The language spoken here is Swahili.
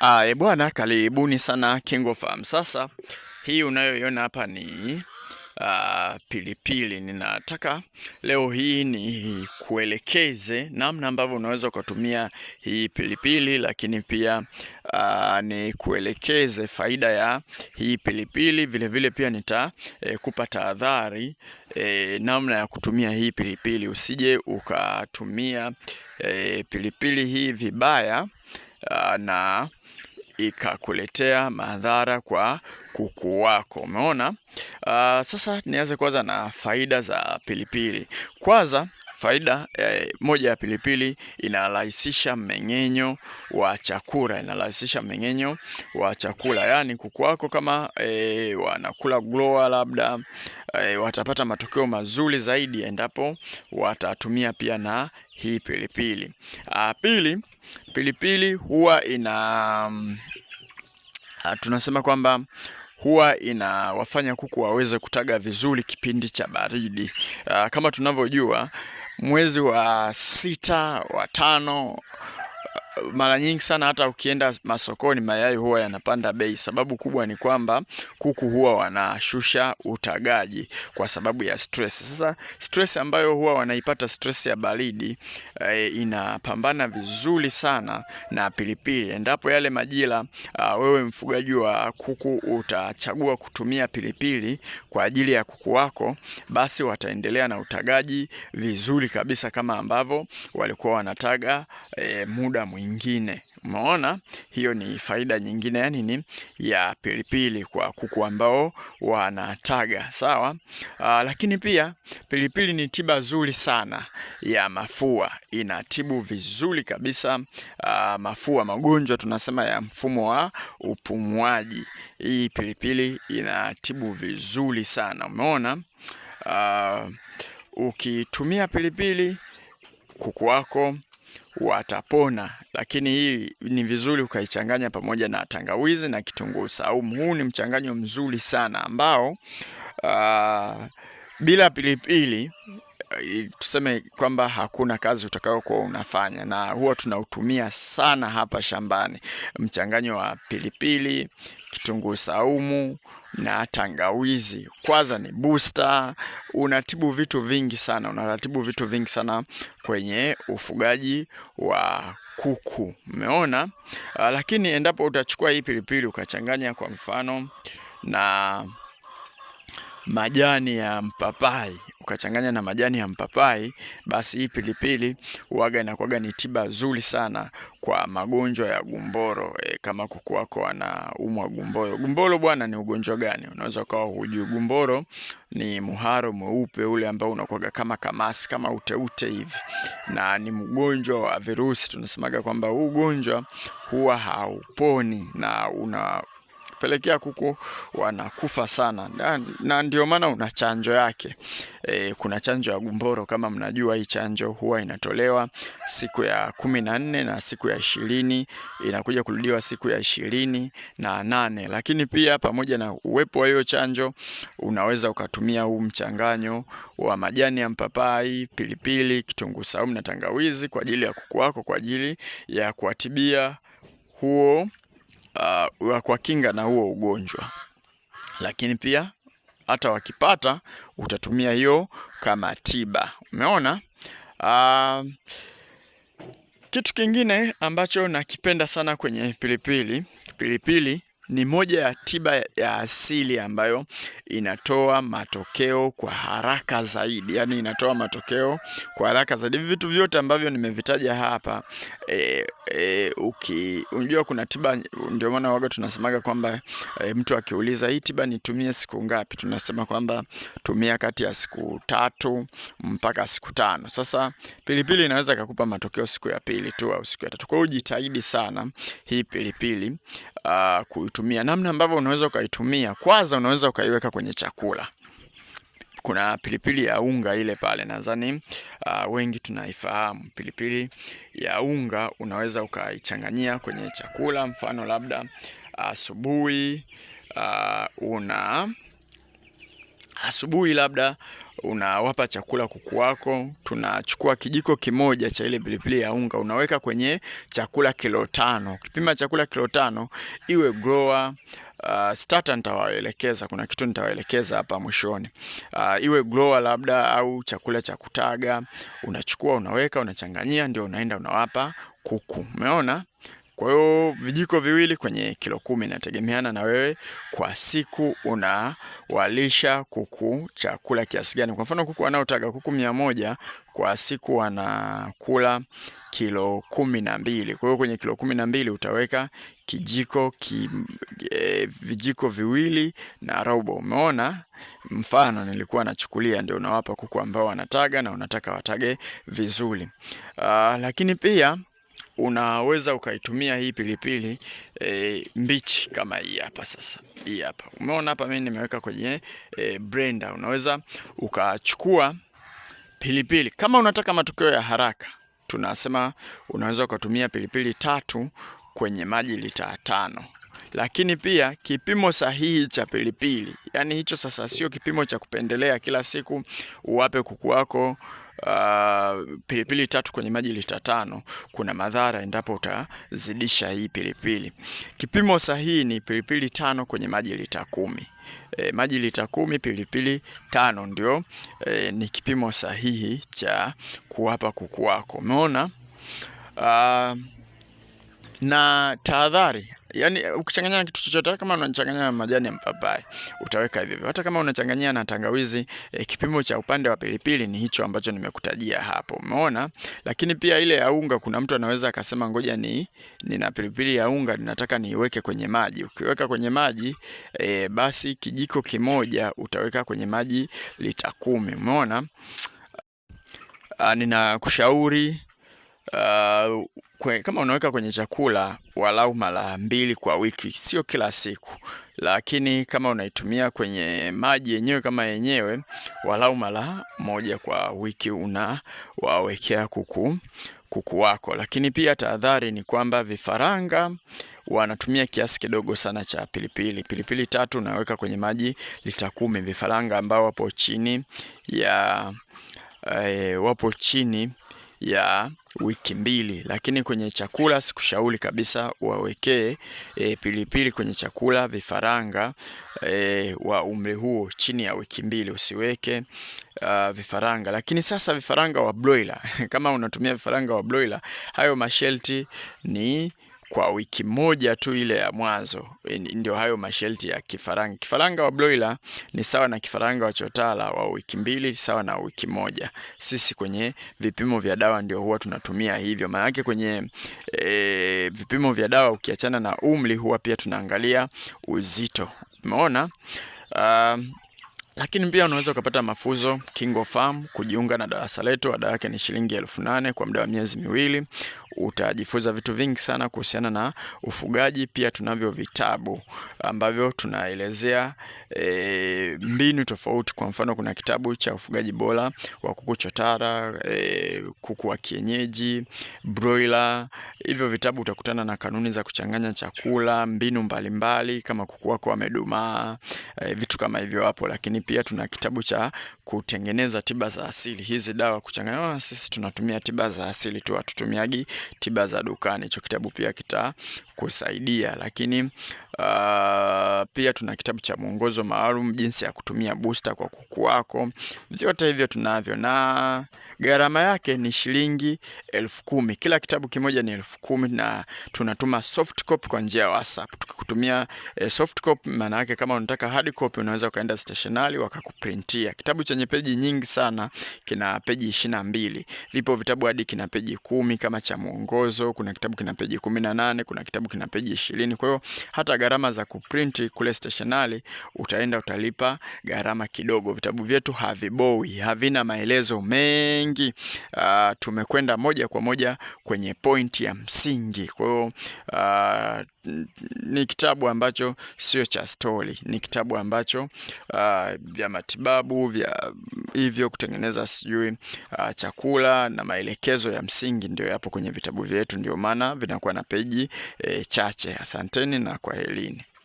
Ah, bwana karibuni sana Kingo Farm. Sasa hii unayoiona hapa ni Uh, pilipili ninataka leo hii ni kuelekeze namna ambavyo unaweza ukatumia hii pilipili, lakini pia uh, ah, ni kuelekeze faida ya hii pilipili vilevile. Vile pia nitakupa eh, tahadhari eh, namna ya kutumia hii pilipili, usije ukatumia eh, pilipili hii vibaya uh, na ikakuletea madhara kwa kuku wako. Umeona? Uh, sasa nianze kwanza na faida za pilipili. Kwanza faida eh, moja ya pilipili inarahisisha mmeng'enyo wa chakula, inarahisisha mmeng'enyo wa chakula. Yaani kuku wako kama eh, wanakula grower labda eh, watapata matokeo mazuri zaidi endapo watatumia pia na hii pilipili A, ah, pili pilipili huwa ina mm, a, ah, tunasema kwamba huwa inawafanya kuku waweze kutaga vizuri kipindi cha baridi. Ah, kama tunavyojua mwezi wa sita wa tano mara nyingi sana hata ukienda masokoni mayai huwa yanapanda bei. Sababu kubwa ni kwamba kuku huwa wanashusha utagaji kwa sababu ya stress. Sasa stress ambayo huwa wanaipata stress ya baridi e, inapambana vizuri sana na pilipili. Endapo yale majira a, ah, wewe mfugaji wa kuku utachagua kutumia pilipili kwa ajili ya kuku wako, basi wataendelea na utagaji vizuri kabisa kama ambavyo walikuwa wanataga e, muda mwingi nyingine. Umeona, hiyo ni faida nyingine ya yaani nini ya pilipili kwa kuku ambao wanataga. Sawa. Aa, ah, lakini pia pilipili ni tiba nzuri sana ya mafua, inatibu vizuri kabisa aa, ah, mafua, magonjwa tunasema ya mfumo wa upumuaji. Hii pilipili inatibu vizuri sana, umeona. Ah, ukitumia pilipili kuku wako watapona. Lakini hii ni vizuri ukaichanganya pamoja na tangawizi na kitunguu saumu. Huu ni mchanganyo mzuri sana ambao uh, bila pilipili Eh, tuseme kwamba hakuna kazi utakayokuwa unafanya, na huwa tunautumia sana hapa shambani, mchanganyo wa pilipili, kitunguu saumu na tangawizi. Kwanza ni booster, unatibu vitu vingi sana, unaratibu vitu vingi sana kwenye ufugaji wa kuku, umeona. Ah, lakini endapo utachukua hii pilipili ukachanganya kwa mfano na majani ya mpapai ukachanganya na majani ya mpapai, basi hii pilipili huaga inakuwaga ni tiba nzuri sana kwa magonjwa ya gumboro. E, kama kuku wako anaumwa gumboro. Gumboro bwana, ni ugonjwa gani? Unaweza ukawa hujui. Gumboro ni muharo mweupe ule ambao unakuwaga kama kamasi kama uteute hivi, na ni mgonjwa wa virusi. Tunasemaga kwamba huu ugonjwa huwa hauponi na una pelekea kuku wanakufa sana, na, na ndio maana una chanjo yake e, kuna chanjo ya gumboro kama mnajua. Hii chanjo huwa inatolewa siku ya kumi na nne na siku ya ishirini inakuja kurudiwa siku ya ishirini na nane. Lakini pia pamoja na uwepo wa hiyo chanjo, unaweza ukatumia huu mchanganyo wa majani ya mpapai, pilipili, kitunguu saumu na tangawizi kwa ajili ya kuku wako kwa ajili ya kuwatibia huo uh, kwa kinga na huo ugonjwa, lakini pia hata wakipata utatumia hiyo kama tiba. Umeona? Uh, kitu kingine ambacho nakipenda sana kwenye pilipili pilipili ni moja ya tiba ya asili ambayo inatoa matokeo kwa haraka zaidi, yani inatoa matokeo kwa haraka zaidi. Hivi vitu vyote ambavyo nimevitaja hapa e, e, uki unajua kuna tiba, ndio maana waga tunasemaga kwamba e, mtu akiuliza hii tiba nitumie siku ngapi, tunasema kwamba tumia kati ya siku tatu mpaka siku tano. Sasa pilipili inaweza kukupa matokeo siku ya pili tu au siku ya tatu. Kwa hiyo jitahidi sana hii pilipili uh, kutumia. Namna ambavyo unaweza ukaitumia, kwanza unaweza ukaiweka kwenye chakula. Kuna pilipili ya unga ile pale, nadhani uh, wengi tunaifahamu pilipili ya unga. Unaweza ukaichanganyia kwenye chakula, mfano labda asubuhi uh, uh, una asubuhi labda unawapa chakula kuku wako. Tunachukua kijiko kimoja cha ile pilipili ya unga, unaweka kwenye chakula kilo tano. Ukipima chakula kilo tano iwe grower Uh, starter nitawaelekeza, kuna kitu nitawaelekeza hapa mwishoni. Uh, iwe grower labda au chakula cha kutaga, unachukua unaweka, unachanganyia, ndio unaenda unawapa kuku. Umeona? Kwa hiyo vijiko viwili kwenye kilo kumi inategemeana na wewe kwa siku unawalisha kuku chakula kiasi gani. Kwa mfano kuku wanaotaga kuku mia moja kwa siku wanakula kilo kumi na mbili. Kwa hiyo kwenye kilo kumi na mbili utaweka kijiko ki, e, vijiko viwili na robo. Umeona mfano nilikuwa nachukulia, ndio unawapa kuku ambao wanataga na unataka watage vizuri. Aa, ah, lakini pia unaweza ukaitumia hii pilipili e, mbichi kama hii hapa. Sasa hii hapa umeona hapa, mimi nimeweka kwenye e, blender. Unaweza ukachukua pilipili kama unataka matokeo ya haraka, tunasema unaweza ukatumia pilipili tatu kwenye maji lita tano lakini pia kipimo sahihi cha pilipili, yaani hicho sasa sio kipimo cha kupendelea kila siku uwape kuku wako Uh, pilipili tatu kwenye maji lita tano. Kuna madhara endapo utazidisha hii pilipili. Kipimo sahihi ni pilipili tano kwenye maji lita kumi. E, maji lita kumi pilipili tano ndio e, ni kipimo sahihi cha kuwapa kuku wako. Umeona? Uh, na tahadhari yani ukichanganya na kitu chochote, kama unachanganya na majani ya mpapai utaweka hivyo hata kama unachanganyia na tangawizi e, kipimo cha upande wa pilipili ni hicho ambacho nimekutajia hapo, umeona. Lakini pia ile ya unga, kuna mtu anaweza akasema ngoja ni nina pilipili ya unga ninataka niiweke kwenye maji. Ukiweka kwenye maji e, basi kijiko kimoja utaweka kwenye maji lita kumi, umeona. Ah, ninakushauri Uh, kwe, kama unaweka kwenye chakula walau mara mbili kwa wiki, sio kila siku, lakini kama unaitumia kwenye maji yenyewe kama yenyewe, walau mara moja kwa wiki unawawekea kuku kuku wako. Lakini pia tahadhari ni kwamba vifaranga wanatumia kiasi kidogo sana cha pilipili. Pilipili tatu unaweka kwenye maji lita kumi. Vifaranga ambao wapo chini ya e, wapo chini ya wiki mbili, lakini kwenye chakula sikushauri kabisa wawekee e, pilipili kwenye chakula vifaranga e, wa umri huo chini ya wiki mbili usiweke uh, vifaranga. Lakini sasa vifaranga wa broiler kama unatumia vifaranga wa broiler, hayo masharti ni kwa wiki moja tu ile ya mwanzo. E, ndio hayo masharti ya kifaranga. Kifaranga wa broiler ni sawa na kifaranga wa chotara wa wiki mbili sawa na wiki moja. Sisi kwenye vipimo vya dawa ndio huwa tunatumia hivyo, maanake kwenye e, vipimo vya dawa ukiachana na umri huwa pia tunaangalia uzito. Umeona? lakini pia unaweza ukapata mafunzo Kingo Farm, kujiunga na darasa letu. Ada yake ni shilingi elfu nane kwa muda wa miezi miwili. Utajifunza vitu vingi sana kuhusiana na ufugaji. Pia tunavyo vitabu ambavyo tunaelezea e, mbinu tofauti. Kwa mfano kuna kitabu cha ufugaji bora wa kuku chotara, e, kuku wa kienyeji, broiler. Hivyo vitabu utakutana na kanuni za kuchanganya chakula, mbinu mbalimbali mbali, kama kuku wako wamedumaa, e, vitu kama hivyo hapo. Lakini pia tuna kitabu cha kutengeneza tiba za asili, hizi dawa kuchanganya. Oh, sisi tunatumia tiba za asili tu, hatutumiagi tiba za dukani. Hicho kitabu pia kitakusaidia, lakini Uh, pia tuna kitabu cha mwongozo maalum jinsi ya kutumia booster kwa kuku wako. Vyote hivyo tunavyo na gharama yake ni shilingi elfu kumi. Kila kitabu kimoja ni elfu kumi na tunatuma soft copy kwa njia ya WhatsApp. Tukikutumia eh, soft copy maana yake kama unataka hard copy unaweza ukaenda stationery wakakuprintia. Kitabu chenye peji nyingi sana kina peji ishirini na mbili. Vipo vitabu hadi kina peji kumi kama cha mwongozo, kuna kitabu kina peji kumi na nane, kuna kitabu kina peji ishirini. Kwa hiyo hata gharama za kuprinti kule stationali, utaenda utalipa gharama kidogo. Vitabu vyetu havibowi havina maelezo mengi. Uh, tumekwenda moja kwa moja kwenye pointi ya msingi. Kwa hiyo uh, ni kitabu ambacho sio cha stori, ni kitabu ambacho uh, vya matibabu vya hivyo kutengeneza sijui uh, chakula na maelekezo ya msingi ndio yapo kwenye vitabu vyetu, ndio maana vinakuwa na peji e, chache. Asanteni na kwaherini.